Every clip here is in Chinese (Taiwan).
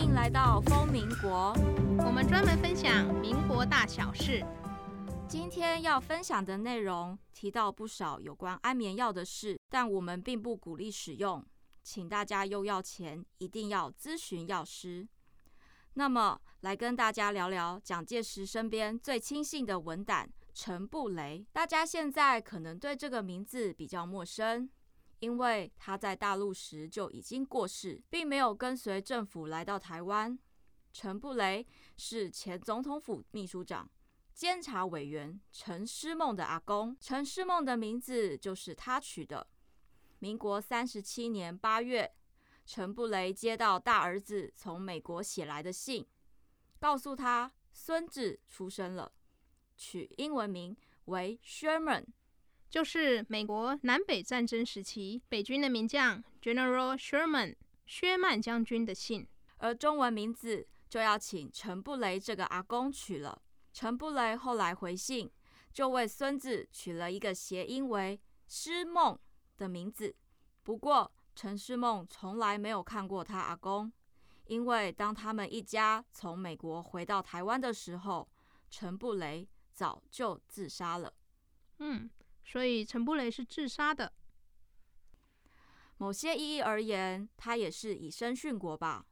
歡迎來到瘋民國，我們專門分享民國大小事。今天要分享的內容提到不少有關安眠藥的事，但我們並不鼓勵使用，請大家用藥前一定要諮詢藥師。那麼，來跟大家聊聊蔣介石身邊最親信的文膽陳布雷。大家現在可能對這個名字比較陌生。因為他在大陸時就已經過世，並沒有跟隨政府來到台灣。陳布雷是前總統府秘書長、監察委員陳師孟的阿公，陳師孟的名字就是他取的。民國三十七年八月，陳布雷接到大兒子從美國寫來的信，告訴他孫子出生了，取英文名為 Sherman。就是美國南北戰爭時期北軍的名將 General Sherman 薛曼將軍的姓，而中文名字就要請陳布雷這個阿公取了。陳布雷後來回信，就為孫子取了一個諧音為“詩夢”的名字。不過陳詩夢從來沒有看過他阿公，因為當他們一家從美國回到台灣的時候，陳布雷早就自殺了。嗯。所以陳布雷是自殺的。某些意義而言，他也是以身殉國吧。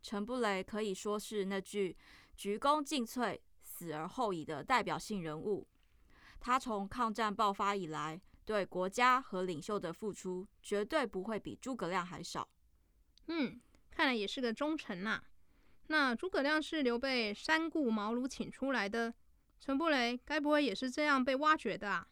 陳布雷可以說是那句“鞠躬盡瘁，死而後已”的代表性人物。他從抗戰爆發以來，對國家和領袖的付出，絕對不會比諸葛亮還少。嗯，看來也是個忠臣吶啊。那諸葛亮是劉備三顧茅廬請出來的，陳布雷該不會也是這樣被挖掘的啊？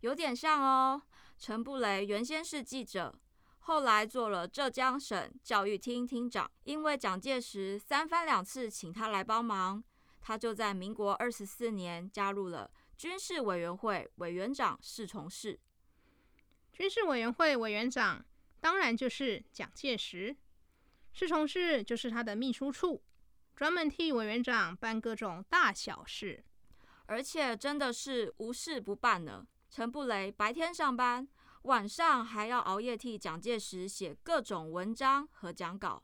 有點像哦。陳布雷原先是記者，後來做了浙江省教育廳廳長。因為蔣介石三番兩次請他來幫忙，他就在民國二十四年加入了軍事委員會委員長侍從室。軍事委員會委員長當然就是蔣介石，侍從室就是他的秘書處，專門替委員長辦各種大小事，而且真的是無事不辦呢。陳布雷白天上班，晚上還要熬夜替蔣介石寫各種文章和講稿，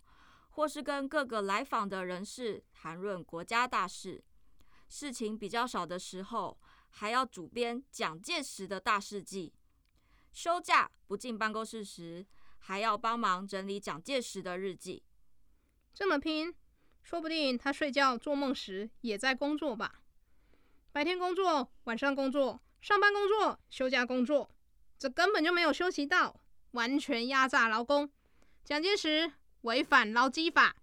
或是跟各個來訪的人士談論國家大事。事情比較少的時候，還要主編蔣介石的大事記。休假不進辦公室時，還要幫忙整理蔣介石的日記。這麼拼，說不定他睡覺做夢時也在工作吧？白天工作，晚上工作。上班工作，休假工作，這根本就沒有休息到，完全壓榨勞工。蔣介石違反勞基法，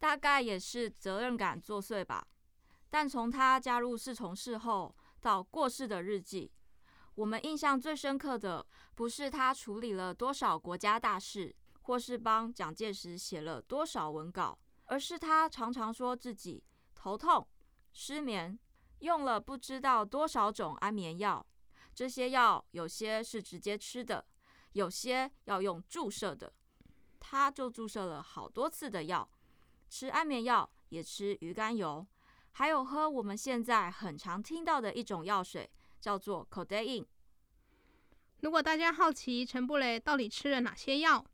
大概也是責任感作祟吧。但從他加入侍從室後到過世的日記，我們印象最深刻的不是他處理了多少國家大事，或是幫蔣介石寫了多少文稿，而是他常常說自己頭痛、失眠。用了不知道多少種安眠藥，這些藥有些是直接吃的，有些要用注射的。他就注射了好多次的藥，吃安眠藥，也吃魚肝油，還有喝我們現在很常聽到的一種藥水，叫做可待因。如果大家好奇陳布雷到底吃了哪些藥，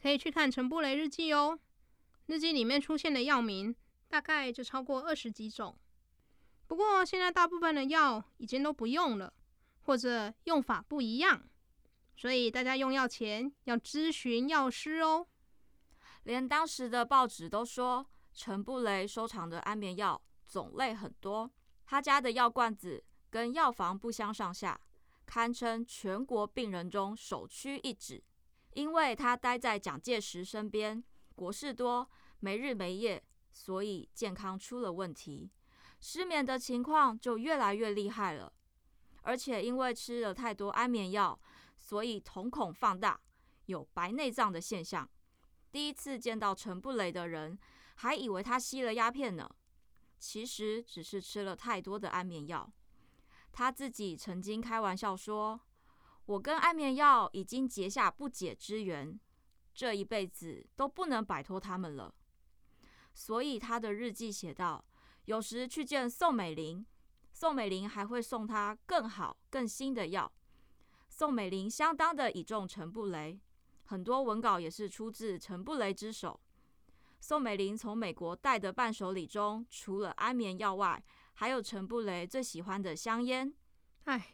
可以去看陳布雷日記哦。日記裡面出現的藥名大概就超過二十幾種。不過現在大部分的藥已經都不用了，或者用法不一樣，所以大家用藥前要諮詢藥師哦。連當時的報紙都說，陳布雷收藏的安眠藥種類很多，他家的藥罐子跟藥房不相上下，堪稱全國病人中首屈一指。因為他待在蔣介石身邊，國事多，沒日沒夜，所以健康出了問題。失眠的情況就越來越厲害了，而且因為吃了太多安眠藥，所以瞳孔放大，有白內障的現象。第一次見到陳布雷的人，還以為他吸了鴉片呢，其實只是吃了太多的安眠藥。他自己曾經開玩笑說：“我跟安眠藥已經結下不解之緣，這一輩子都不能擺脫他們了。”所以他的日記寫道。有時去見宋美齡，宋美齡還會送她更好、更新的藥。宋美齡相當的倚重陳布雷，很多文稿也是出自陳布雷之手。宋美齡從美國帶的伴手禮中，除了安眠藥外，還有陳布雷最喜歡的香煙。唉，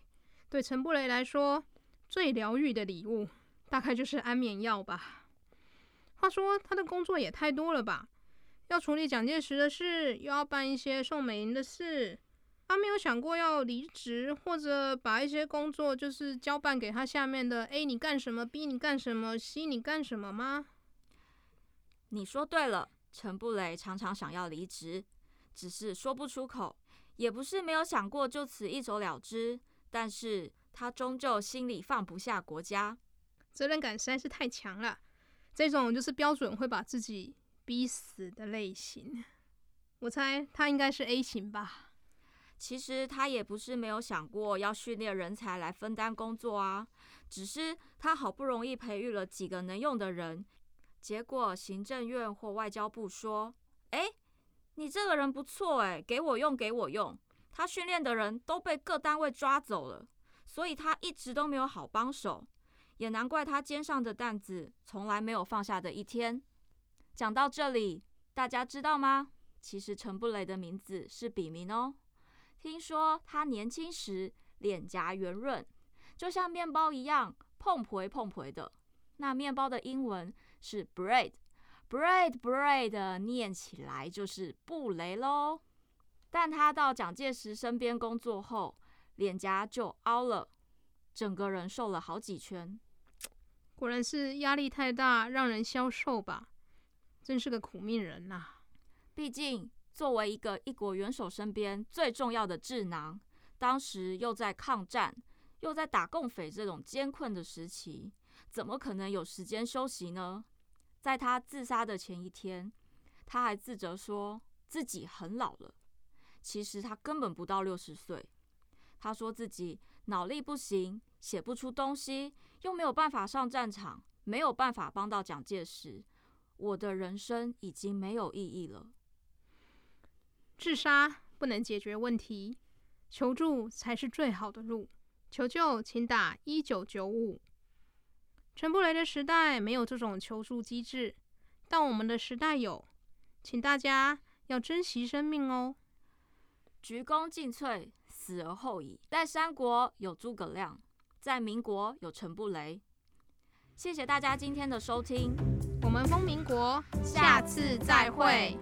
對陳布雷來說，最療癒的禮物大概就是安眠藥吧。話說，他的工作也太多了吧？要處理蔣介石的事，又要辦一些宋美齡的事，他沒有想過要離職，或者把一些工作就是交辦給他下面的。A，你幹什麼？B，你幹什麼？C，你幹什麼嗎？你說對了，陳布雷常常想要離職，只是說不出口，也不是沒有想過就此一走了之，但是他終究心裡放不下國家，責任感實在是太強了。這種就是標準會把自己。逼死的類型，我猜他應該是 A 型吧。其實他也不是沒有想過要訓練人才來分擔工作啊，只是他好不容易培育了幾個能用的人，結果行政院或外交部說：“誒，你這個人不錯，誒，給我用，給我用。”他訓練的人都被各單位抓走了，所以他一直都沒有好幫手，也難怪他肩上的擔子從來沒有放下的一天。講到這裡，大家知道嗎？其實陳布雷的名字是筆名哦。聽說他年輕時臉頰圓潤，就像麵包一樣，蓬培蓬培的。那麵包的英文是 bread，bread bread, bread, bread, bread 念起來就是布雷咯。但他到蔣介石身邊工作後，臉頰就凹了，整個人瘦了好幾圈。果然是壓力太大，讓人消瘦吧。真是個苦命人吶、啊！畢竟作為一個一國元首身邊最重要的智囊，當時又在抗戰，又在打共匪這種艱困的時期，怎麼可能有時間休息呢？在他自殺的前一天，他還自責說自己很老了。其實他根本不到六十歲。他說自己腦力不行，寫不出東西，又沒有辦法上戰場，沒有辦法幫到蔣介石。我的人生已經沒有意義了。自殺不能解決問題，求助才是最好的路。求救，請打一九九五。陳布雷的時代沒有這種求助機制，但我們的時代有，請大家要珍惜生命哦。鞠躬盡瘁，死而後已。在三國有諸葛亮，在民國有陳布雷。謝謝大家今天的收聽。我們瘋民國，下次再會。